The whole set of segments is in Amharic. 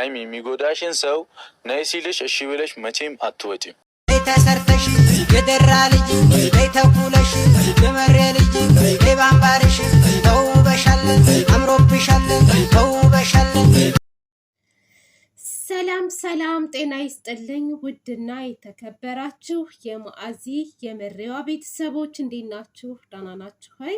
አይም የሚጎዳሽን ሰው ነይ ሲልሽ እሺ ብለሽ መቼም አትወጪም። ተሰርተሽ የደራ ልጅ ተኩለሽ የመሬ ልጅ ባምባርሽ ተውበሻለን፣ አምሮብሻለን፣ ተውበሻለን። ሰላም ሰላም፣ ጤና ይስጥልኝ ውድና የተከበራችሁ የማአዚ የመሪዋ ቤተሰቦች እንዴት ናችሁ? ደህና ናችሁ ሆይ?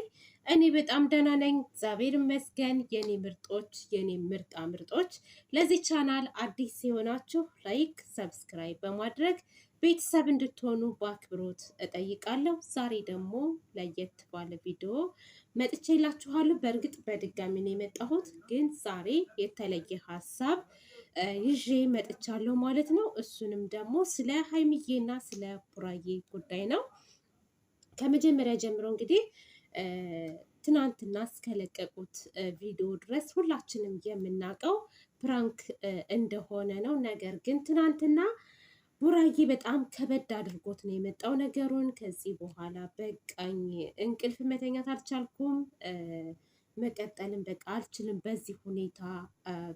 እኔ በጣም ደህና ነኝ እግዚአብሔር ይመስገን። የኔ ምርጦች፣ የኔ ምርጣ ምርጦች፣ ለዚህ ቻናል አዲስ የሆናችሁ ላይክ፣ ሰብስክራይብ በማድረግ ቤተሰብ እንድትሆኑ በአክብሮት እጠይቃለሁ። ዛሬ ደግሞ ለየት ባለ ቪዲዮ መጥቼ በእርግጥ በድጋሚ ነው የመጣሁት፣ ግን ዛሬ የተለየ ሀሳብ ይዤ መጥቻለሁ ማለት ነው። እሱንም ደግሞ ስለ ሀይሚዬና ስለ ቡራዬ ጉዳይ ነው። ከመጀመሪያ ጀምሮ እንግዲህ ትናንትና እስከለቀቁት ቪዲዮ ድረስ ሁላችንም የምናውቀው ፕራንክ እንደሆነ ነው። ነገር ግን ትናንትና ቡራዬ በጣም ከበድ አድርጎት ነው የመጣው ነገሩን። ከዚህ በኋላ በቃኝ፣ እንቅልፍ መተኛት አልቻልኩም መቀጠልም በቃ አልችልም በዚህ ሁኔታ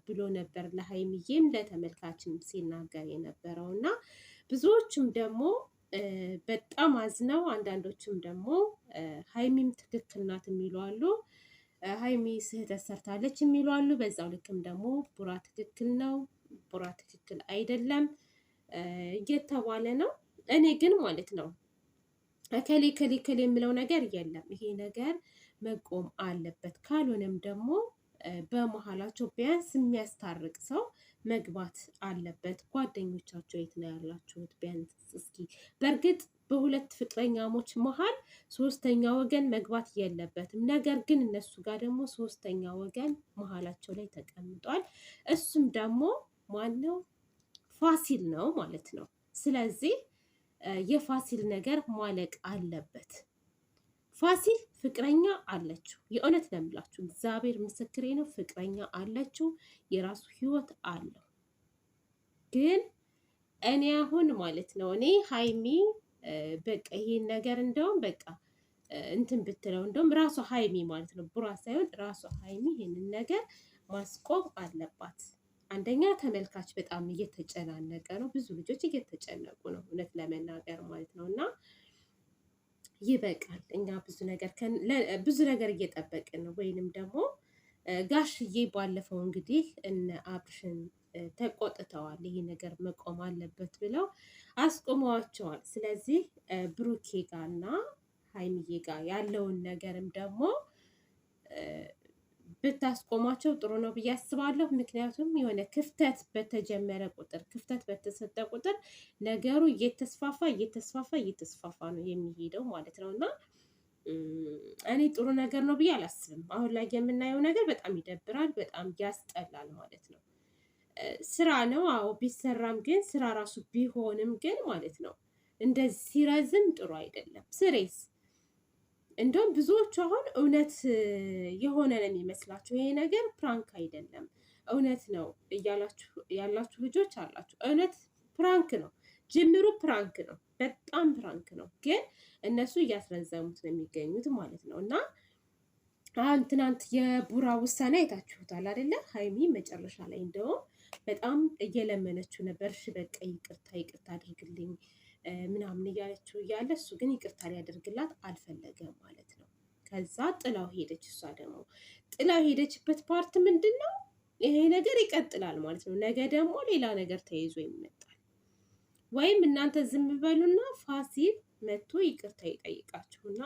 ብሎ ነበር ለሀይሚዬም ለተመልካችም ሲናገር የነበረው እና ብዙዎችም ደግሞ በጣም አዝነው አንዳንዶችም ደግሞ ሀይሚም ትክክል ናት የሚሉ አሉ። ሀይሚ ስህተት ሰርታለች የሚሉ አሉ። በዛው ልክም ደግሞ ቡራ ትክክል ነው፣ ቡራ ትክክል አይደለም እየተባለ ነው። እኔ ግን ማለት ነው ከሌ ከሌ ከሌ የምለው ነገር የለም ይሄ ነገር መቆም አለበት። ካልሆነም ደግሞ በመሀላቸው ቢያንስ የሚያስታርቅ ሰው መግባት አለበት። ጓደኞቻቸው የት ነው ያላችሁት? ቢያንስ እስኪ በእርግጥ በሁለት ፍቅረኛሞች መሀል ሶስተኛ ወገን መግባት የለበትም። ነገር ግን እነሱ ጋር ደግሞ ሶስተኛ ወገን መሀላቸው ላይ ተቀምጧል። እሱም ደግሞ ነው? ፋሲል ነው ማለት ነው። ስለዚህ የፋሲል ነገር ማለቅ አለበት። ፋሲል ፍቅረኛ አለችው። የእውነት ነው የምላችሁ፣ እግዚአብሔር ምስክሬ ነው። ፍቅረኛ አለችው፣ የራሱ ህይወት አለው። ግን እኔ አሁን ማለት ነው እኔ ሀይሚ በቃ ይሄን ነገር እንደውም በቃ እንትን ብትለው እንደውም ራሷ ሀይሚ ማለት ነው ቡራ ሳይሆን ራሷ ሀይሚ ይሄንን ነገር ማስቆም አለባት። አንደኛ ተመልካች በጣም እየተጨናነቀ ነው፣ ብዙ ልጆች እየተጨነቁ ነው እውነት ለመናገር ማለት ነው እና ይበቃል። እኛ ብዙ ነገር ብዙ ነገር እየጠበቅን ነው። ወይንም ደግሞ ጋሽዬ ባለፈው እንግዲህ እነ አብርሽን ተቆጥተዋል። ይህ ነገር መቆም አለበት ብለው አስቆመዋቸዋል። ስለዚህ ብሩኬ እና ሀይሚዬ ጋ ያለውን ነገርም ደግሞ ብታስቆሟቸው ጥሩ ነው ብዬ አስባለሁ። ምክንያቱም የሆነ ክፍተት በተጀመረ ቁጥር ክፍተት በተሰጠ ቁጥር ነገሩ እየተስፋፋ እየተስፋፋ እየተስፋፋ ነው የሚሄደው ማለት ነው እና እኔ ጥሩ ነገር ነው ብዬ አላስብም። አሁን ላይ የምናየው ነገር በጣም ይደብራል፣ በጣም ያስጠላል ማለት ነው። ስራ ነው አዎ፣ ቢሰራም ግን ስራ ራሱ ቢሆንም ግን ማለት ነው እንደዚህ ሲረዝም ጥሩ አይደለም። ስሬስ እንደውም ብዙዎቹ አሁን እውነት የሆነ ነው የሚመስላችሁ ይሄ ነገር ፕራንክ አይደለም እውነት ነው እያላችሁ ያላችሁ ልጆች አላችሁ። እውነት ፕራንክ ነው፣ ጅምሩ ፕራንክ ነው፣ በጣም ፕራንክ ነው። ግን እነሱ እያስረዘሙት ነው የሚገኙት ማለት ነው እና አሁን ትናንት የቡራ ውሳኔ አይታችሁታል አይደለ? ሀይሚ መጨረሻ ላይ እንደውም በጣም እየለመነችው ነበር። እሺ በቃ ይቅርታ ይቅርታ አድርግልኝ ምናምን እያለችው እያለ እሱ ግን ይቅርታ ሊያደርግላት አልፈለገም ማለት ነው። ከዛ ጥላው ሄደች። እሷ ደግሞ ጥላው ሄደችበት ፓርት ምንድን ነው? ይሄ ነገር ይቀጥላል ማለት ነው። ነገ ደግሞ ሌላ ነገር ተይዞ ይመጣል። ወይም እናንተ ዝም በሉና ፋሲል መጥቶ ይቅርታ ይጠይቃችሁና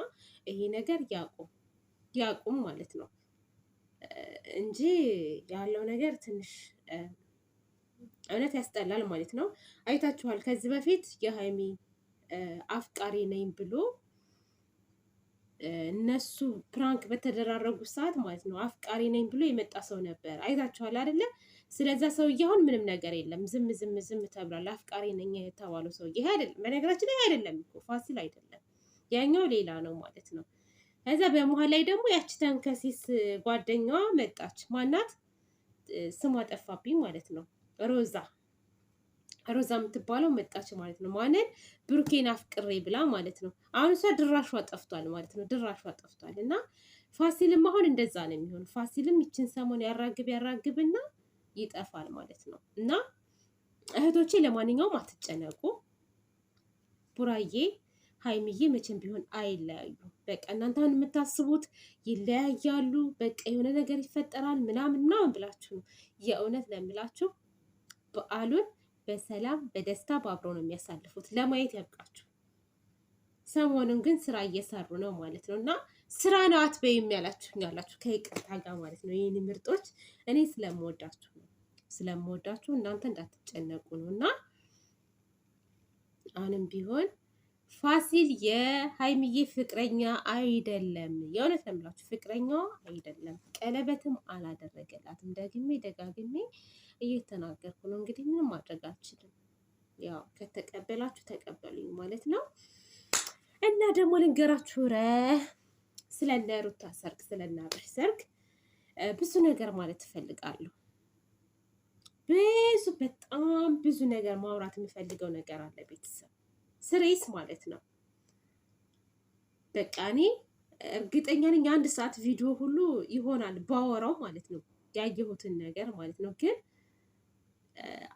ይሄ ነገር ያቁም ያቁም ማለት ነው እንጂ ያለው ነገር ትንሽ እውነት ያስጠላል ማለት ነው። አይታችኋል። ከዚህ በፊት የሀይሚ አፍቃሪ ነኝ ብሎ እነሱ ፕራንክ በተደራረጉ ሰዓት ማለት ነው አፍቃሪ ነኝ ብሎ የመጣ ሰው ነበር። አይታችኋል አይደለም ስለዛ ሰውዬ አሁን ምንም ነገር የለም። ዝም ዝም ዝም ተብሏል። አፍቃሪ ነኝ የተባለው ሰውዬ ይሄ አይደለም። በነገራችን ላይ አይደለም እኮ ፋሲል አይደለም፣ ያኛው ሌላ ነው ማለት ነው። ከዛ በመሀል ላይ ደግሞ ያቺ ተንከሲስ ጓደኛዋ መጣች። ማናት? ስሟ ጠፋብኝ ማለት ነው። ሮዛ ሮዛ የምትባለው መጣች ማለት ነው። ማንን ብሩኬን አፍቅሬ ብላ ማለት ነው። አሁን እሷ ድራሿ ጠፍቷል ማለት ነው። ድራሿ ጠፍቷል እና ፋሲልም አሁን እንደዛ ነው የሚሆን። ፋሲልም ይችን ሰሞን ያራግብ ያራግብና ይጠፋል ማለት ነው። እና እህቶቼ ለማንኛውም አትጨነቁ። ቡራዬ ሀይምዬ መቼም ቢሆን አይለያዩ። በቃ እናንተ አሁን የምታስቡት ይለያያሉ፣ በቃ የሆነ ነገር ይፈጠራል ምናምን ምናምን ብላችሁ ነው የእውነት ለምላችሁ በዓሉን በሰላም በደስታ በአብሮ ነው የሚያሳልፉት። ለማየት ያብቃችሁ። ሰሞኑን ግን ስራ እየሰሩ ነው ማለት ነው እና ስራ ነው አትበይም ያላችሁ ያላችሁ ከይቅርታ ጋር ማለት ነው። ይህን ምርጦች እኔ ስለምወዳችሁ ነው ስለምወዳችሁ እናንተ እንዳትጨነቁ ነው እና አሁንም ቢሆን ፋሲል የሀይሚዬ ፍቅረኛ አይደለም። የእውነት ነው የምላችሁ፣ ፍቅረኛዋ አይደለም። ቀለበትም አላደረገላትም። ደግሜ ደጋግሜ እየተናገርኩ ነው። እንግዲህ ምንም ማድረግ አልችልም። ያው ከተቀበላችሁ ተቀበሉኝ ማለት ነው። እና ደግሞ ልንገራችሁ ረ ስለነ ሩታ ሰርግ፣ ስለነ አብርሽ ሰርግ ብዙ ነገር ማለት እፈልጋለሁ። ብዙ በጣም ብዙ ነገር ማውራት የምፈልገው ነገር አለ ቤተሰብ ስሬስ ማለት ነው። በቃ እኔ እርግጠኛ ነኝ የአንድ ሰዓት ቪዲዮ ሁሉ ይሆናል ባወራው ማለት ነው፣ ያየሁትን ነገር ማለት ነው። ግን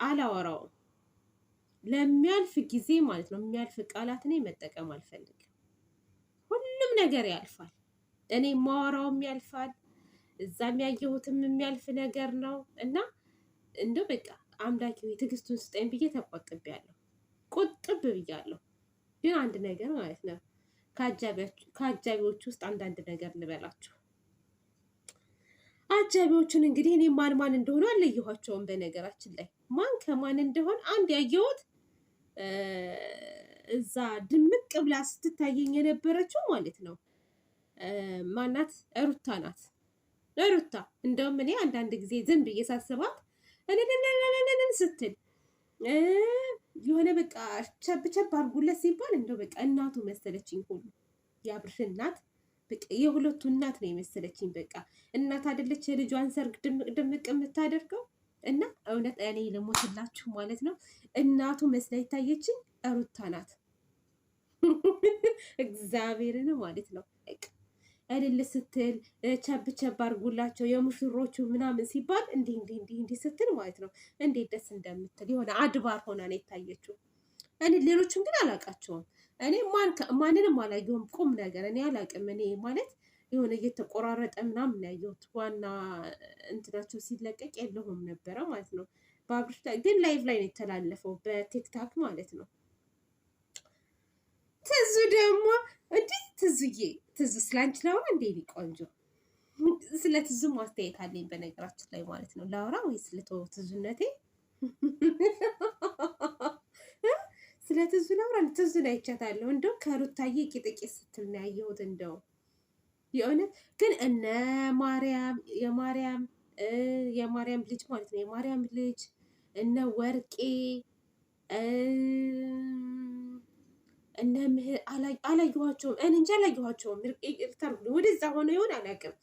አላወራውም ለሚያልፍ ጊዜ ማለት ነው። የሚያልፍ ቃላት እኔ መጠቀም አልፈልግም። ሁሉም ነገር ያልፋል። እኔ ማወራውም ያልፋል፣ እዛም ያየሁትም የሚያልፍ ነገር ነው እና እንደው በቃ አምላኪ ትዕግስቱን ስጠኝ ብዬ ተቆጥቤያለሁ። ቁጥብ ብያለሁ። ግን አንድ ነገር ማለት ነው ከአጃቢዎች ውስጥ አንዳንድ ነገር ልበላችሁ። አጃቢዎቹን እንግዲህ እኔ ማን ማን እንደሆኑ አለየኋቸውም። በነገራችን ላይ ማን ከማን እንደሆን አንድ ያየሁት እዛ ድምቅ ብላ ስትታየኝ የነበረችው ማለት ነው ማናት ሩታ ናት። ሩታ እንደውም እኔ አንዳንድ ጊዜ ዝም ብዬ ሳስባት ስትል የሆነ በቃ ቸብቸብ አድርጉለት ሲባል እንደው በቃ እናቱ መሰለችኝ ሁሉ የአብርሽ እናት በቃ የሁለቱ እናት ነው የመሰለችኝ። በቃ እናት አይደለች የልጇን ሰርግ ድምቅ የምታደርገው እና እውነት እኔ ልሞትላችሁ ማለት ነው እናቱ መስላ ይታየችኝ ሩታ ናት። እግዚአብሔርን ማለት ነው። እልል ስትል ቸብ ቸብ አድርጉላቸው የሙሽሮቹ ምናምን ሲባል እንዲህ እንዲህ እንዲህ እንዲህ ስትል ማለት ነው እንዴት ደስ እንደምትል የሆነ አድባር ሆና ነው የታየችው። እኔ ሌሎቹን ግን አላውቃቸውም። እኔ ማንንም አላየሁም። ቁም ነገር እኔ አላውቅም። እኔ ማለት የሆነ እየተቆራረጠ ምናምን ያየሁት ዋና እንትናቸው ሲለቀቅ የለሁም ነበረ ማለት ነው። በአብርሽ ግን ላይቭ ላይ ነው የተላለፈው በቲክታክ ማለት ነው። ትዙ ደግሞ እንዲህ ትዝዬ ትዝ ስላንቺ ላውራ እንዴ? ቆንጆ ስለ ትዙ ማስተያየት አለኝ በነገራችን ላይ ማለት ነው። ላውራ ወይ ስለ ትዙነቴ ስለ ትዙ ላውራ። ትዙን አይቻታለሁ እንደው ከሩታዬ ቂጥቂ ስትል ነው ያየሁት። እንደው የእውነት ግን እነ ማርያም የማርያም የማርያም ልጅ ማለት ነው የማርያም ልጅ እነ ወርቄ እነ ምህር አላየኋቸውም። እኔ እንጂ አላየኋቸውም። ወደዛ ሆነ ይሆን አላውቅም።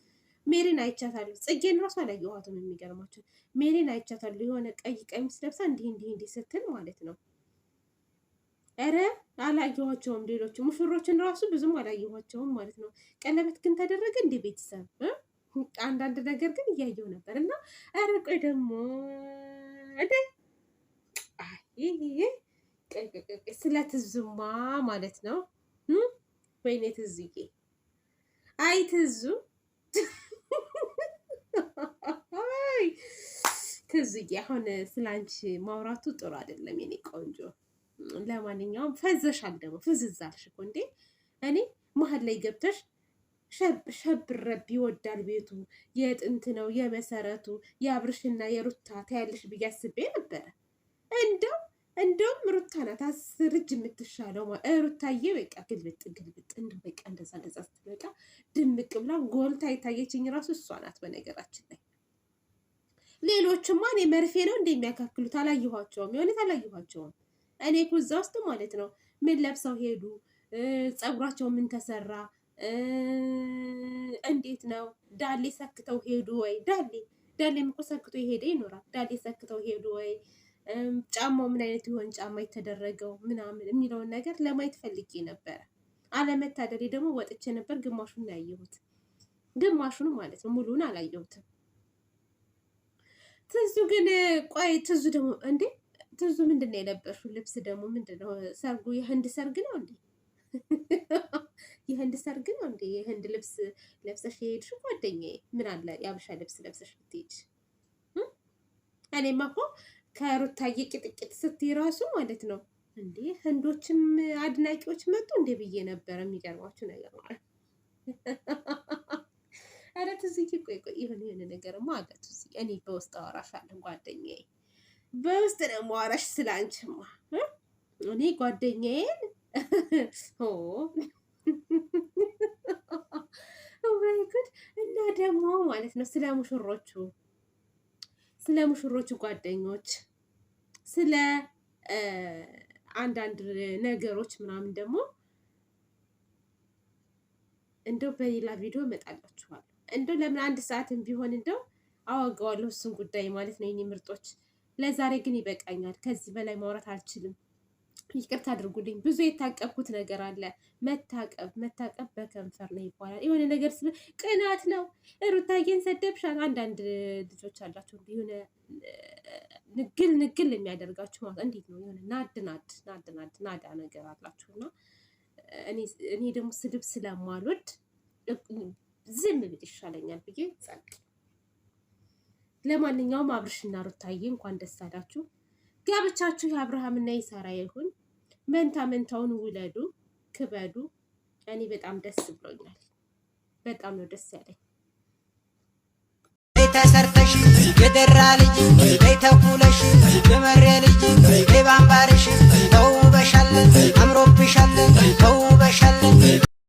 ሜሪን አይቻታል። ጽጌን ራሱ አላየኋትም። የሚገርማቸው ሜሪን አይቻታል። የሆነ ቀይ ቀሚስ ለብሳ እንዲህ እንዲህ እንዲህ ስትል ማለት ነው። ኧረ አላየኋቸውም። ሌሎች ሙሽሮችን ራሱ ብዙም አላየኋቸውም ማለት ነው። ቀለበት ግን ተደረገ እንደ ቤተሰብ አንዳንድ ነገር ግን እያየው ነበር እና ኧረ ቆይ ደግሞ ስለ ትዙማ ማለት ነው። ወይኔ ትዝዬ፣ አይ ትዙ ትዝዬ፣ አሁን ስለ አንቺ ማውራቱ ጥሩ አይደለም የኔ ቆንጆ። ለማንኛውም ፈዘሻል፣ ደግሞ ፍዝዛልሽ እኮ እንዴ! እኔ መሀል ላይ ገብተሽ ሸብረብ ይወዳል ቤቱ የጥንት ነው የመሰረቱ የአብርሽና የሩታ ታያለሽ ብዬ አስቤ ነበረ እንደው እንደውም ሩታ ናት አስር የምትሻለው። ሩታዬ በቃ ግልብጥ ግልብጥ እንደ በቃ እንደዛ እንደዛ ስትበቃ ድምቅ ብላ ጎልታ የታየችኝ ራሱ እሷ ናት። በነገራችን ላይ ሌሎቹማ እኔ መርፌ ነው እንደሚያካክሉት አላየኋቸውም፣ የሆነት አላየኋቸውም። እኔ እኮ እዛ ውስጥ ማለት ነው ምን ለብሰው ሄዱ፣ ፀጉራቸው ምን ተሰራ፣ እንዴት ነው ዳሌ ሰክተው ሄዱ ወይ? ዳሌ ዳሌም እኮ ሰክቶ የሄደ ይኖራል። ዳሌ ሰክተው ሄዱ ወይ? ጫማው ምን አይነት ሊሆን ጫማ የተደረገው ምናምን የሚለውን ነገር ለማየት ፈልጌ ነበረ። አለመታደሬ ደግሞ ወጥቼ ነበር። ግማሹን ነው ያየሁት፣ ግማሹን ማለት ነው፣ ሙሉውን አላየሁትም። ትዙ ግን ቆይ ትዙ ደግሞ እንዴ ትዙ ምንድን ነው የለበሹ ልብስ ደግሞ ምንድን ነው? ሰርጉ የህንድ ሰርግ ነው እንዴ? የህንድ ሰርግ ነው እንዴ? የህንድ ልብስ ለብሰሽ የሄድሽ ጓደኛዬ፣ ምን አለ የአበሻ ልብስ ለብሰሽ ብትሄድ እኔማ እኮ ከሩታዬ ቅጥቅጥ ስትይ ራሱ ማለት ነው እንዴ ህንዶችም አድናቂዎች መጡ እንደ ብዬ ነበረ። የሚገርማችሁ ነገር ማለት ኧረ ትዝዬ ቆይ ቆይ የሆነ የሆነ ነገርማ አለ ትዝዬ። እኔ በውስጥ አወራሻለሁ ጓደኛዬ፣ በውስጥ ደግሞ አወራሽ ስላንችማ እኔ ጓደኛዬን ወይጉድ እና ደግሞ ማለት ነው ስለ ሙሽሮቹ ስለ ሙሽሮቹ ጓደኞች ስለ አንዳንድ ነገሮች ምናምን ደግሞ እንደው በሌላ ቪዲዮ እመጣላችኋለሁ። እንደው ለምን አንድ ሰዓትም ቢሆን እንደው አዋጋዋለሁ እሱን ጉዳይ ማለት ነው የኔ ምርጦች። ለዛሬ ግን ይበቃኛል። ከዚህ በላይ ማውራት አልችልም። ይቅርታ አድርጉልኝ። ብዙ የታቀብኩት ነገር አለ። መታቀብ መታቀብ በከንፈር ነው ይባላል። የሆነ ነገር ስለ ቅናት ነው። ሩታዬን ሰደብሻል። አንዳንድ ልጆች አላቸው የሆነ ንግል ንግል የሚያደርጋችሁ ማለት እንዴት ነው? የሆነ ናድ ናድ ናድ ናድ ናዳ ነገር እና እኔ ደግሞ ስድብ ስለማልወድ ዝም ብል ይሻለኛል ብዬ ጸጥ። ለማንኛውም አብርሽና ሩታዬ እንኳን ደስ አላችሁ። ጋብቻችሁ የአብርሃምና የሳራ ይሁን። መንታ መንታውን ውለዱ፣ ክበዱ። እኔ በጣም ደስ ብሎኛል። በጣም ነው ደስ ያለኝ። ተሰርተሽ የደራ ልጅ ተኩለሽ የመሬ ልጅ ባንባርሽ ተውበሻለን፣ አምሮብሻለን፣ ተውበሻለን።